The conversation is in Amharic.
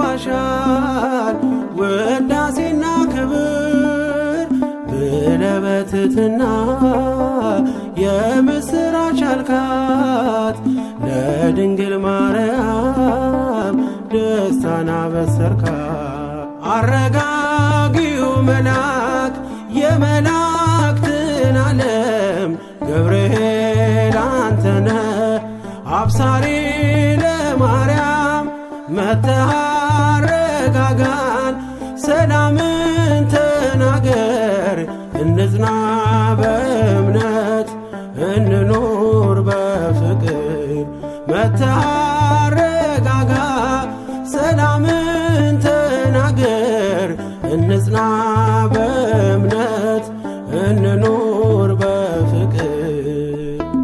ይገባሻል ውዳሴና ክብር ብለህ በትህትና የምስራች አልካት ለድንግል ማርያም ደስታን አበሰርካት። አረጋጊው መልአክ የመላእክትን ዓለም ገብርኤል አንተነ አብሳሪ ለማርያም መተሃ አረጋጋን፣ ሰላምን ተናገር። እንጽና በእምነት እንኖር በፍቅር መታረጋጋ ሰላምን ተናገር። እንጽና በእምነት